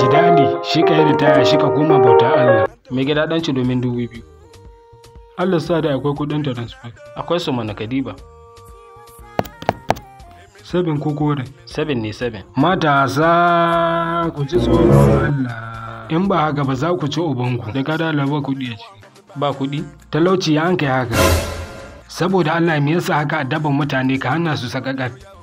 ji daɗi shi ka yi ritaya shi ka koma bauta Allah mai gida ɗanci domin dubu biyu Allah sa da akwai kuɗin transfer akwai su mana kadiba sabin ko kore sabin ne sabin matasa ku ji tsoron Allah in ba haka ba za ku ci ubanku da kada labar kuɗi a ciki ba kuɗi talauci ya hanka haka saboda Allah me yasa haka addaban mutane ka hana su saka kafi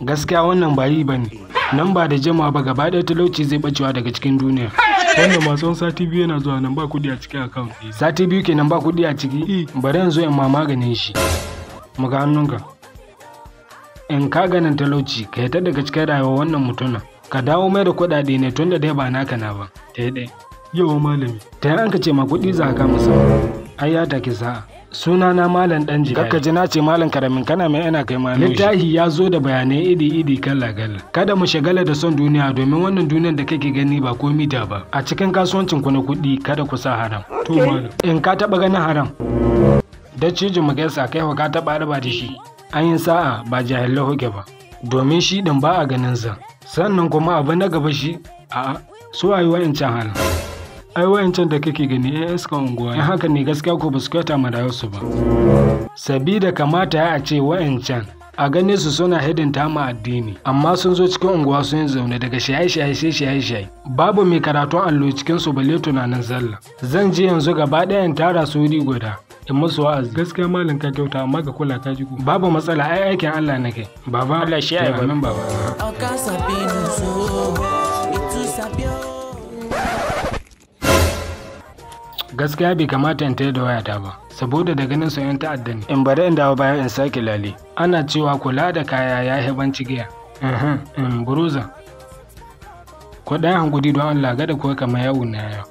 gaskiya wannan ba yi ba ne. nan ba da jama'a ba gaba ɗaya talauci zai bacewa daga cikin duniya wannan masu sati biyu yana zuwa nan ba kuɗi a cikin akawun sati biyu ke nan ba kuɗi a ciki bari yanzu in ma maganin shi muga hannunka in ka ganin talauci ka ta daga cikin rayuwar wannan mutumin ka dawo mai da kuɗaɗe ne tun da dai ba naka na ba ta yi ɗaya yawa malami ta yi an ka ce ma kuɗi za ka masa ai ya take sa'a Suna na malam dan jihar kakka ji na ce malam karamin kana mai ana kai malam littahi ya zo da bayanai idi-idi kala kala kada mu shagala da son duniya domin wannan duniyar da kake gani ba komi da ba a cikin kasuwancin ku na kuɗi kada ku sa haram to malam in ka taba ganin haram da cijin mu gaisa kai ka taba raba da shi an yi sa'a ba jahilla hoke ba domin shi din ba a ganin sa sannan kuma abu na gaba shi a'a so rayuwa in can halin ai wayancan da kake gani ai iskan unguwa in haka ne gaskiya ko ba su kyauta ma da su ba sabida kamata a ce wayancan a gane su suna ta ma addini amma sun zo cikin unguwa sun yi zaune daga shaye-shaye shaye-shaye babu mai karatun allo cikin su balle tunanin sallah zan je yanzu gaba ɗaya in tara su wuri guda in musu wa'azi gaskiya malin ka kyauta amma ka kula ka ji ku babu matsala ai aikin Allah nake baba Allah shi ai baba gaskiya bai kamata in tayar da wayata ba saboda da ganin su yan ta'adda ne in bari in dawo baya in sake lale ana cewa kula da kaya ya yi banci giya in buruza ko dan hankudi don Allah gada ko kamar yawo na yau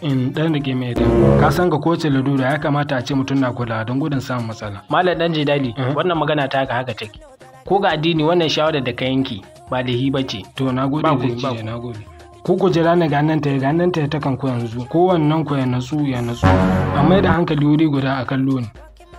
in dan rike mai da ka san ga kowace lalura ya kamata a ce mutum na kula don gudun samun matsala malam dan jidali wannan magana ta haka haka take ko ga addini wannan shawarar da ka yanki ba hi bace to nagode ba gode ko ku jira ni ganin ta ga nan ta takan ku yanzu wannan ku ya natsu ya natsu a mai da hankali wuri guda a kallo ne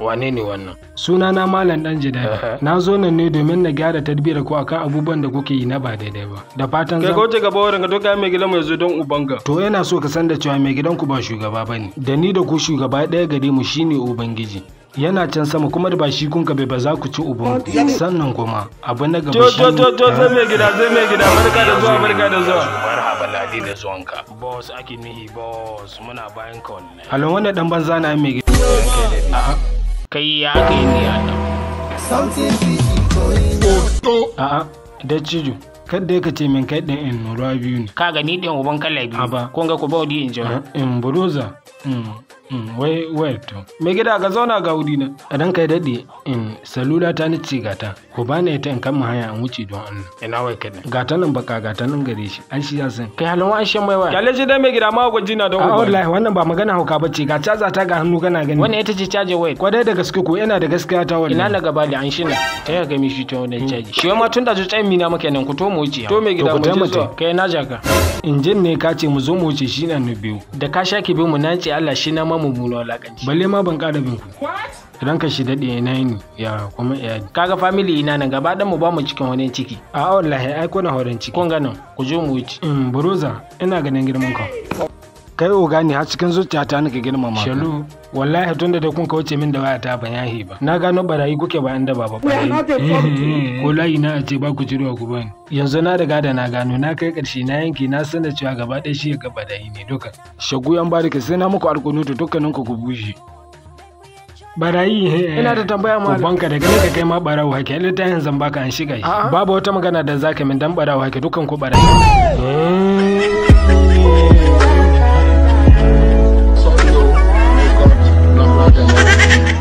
wane ne wannan suna na malam dan jida na zo nan ne domin na gyara tarbiyar ku akan abubuwan da kuke yi na ba daidai ba da fatan kai ce gaba wurin ka to ga mai gidan mai zo don ubanga to yana so ka san da cewa mai gidan ku ba shugaba bane da ni da ku shugaba ɗaya gare mu shine ubangiji yana can sama kuma da ba shi kun kabe ba za ku ci ubun sannan kuma abu na gaba shi to to to zai mai gida zai mai gida barka da zuwa barka da zuwa baladi da zuwanka boss ake mihi boss muna bayan ka wannan halin wannan dan banza na mai a. kai ya ga ni ya A a da ciju kadda ka ce min kai din in nura biyu ne ka ni din uban kallabi. ko kun ga ku baudi in jira in buruza hmm. Mm, wai wai to me gida ga zauna ga wuri na a dan kai dade in salula ta ni ce gata ko ba ne ta in kan haya an wuce don Allah ina wai kada gata nan baka gata nan gare shi an shi yasin kai halin wa an shi mai waya kalle shi dai me gida ma gwaji na don ah, wallahi wannan ba magana hauka bace ga caza ta ga hannu kana gani wannan ita ce caje wai ko dai da gaske ko yana da gaskiya ta wallahi ina na gaba da an shi na ta ga mi shi ta wannan hmm. caji shi ma tun da tsayin mi na muke nan ku to mu wuce to me gida mu je kai na jaka injin ne ka ce mu zo mu wuce shi na biyu da ka shaki bi mu nan ce Allah shi na ma mu mula walakanci balle ma ban kada bin ku ka shi daɗe na yini ya kuma iyali kaga family ina nan gaba ɗan mu ba mu cikin wani ciki a wallahi ai kuna horon ciki kun ganin ku je mu wuce in mm, buruza ina ganin girman ka kai o gani har cikin zuciyata nake girmama shalu wallahi tunda da kun kauce min da waya ta ban yahi ba na gano barayi kuke bayan da baba barayi eh, ko layi na ce ba ku cirewa ku bani yanzu na riga da na gano na kai karshe na yanki na san da cewa gaba ɗaya shi ga barayi ne duka yan bariki sai na muku alkunutu dukkanin ku ku bushe barayi eh, ina da tambaya ma banka da gani ka kai ma barawo hake ina ta yanzu baka an shiga babu wata magana da zaka min dan barawo hake dukkan ku barayi fucking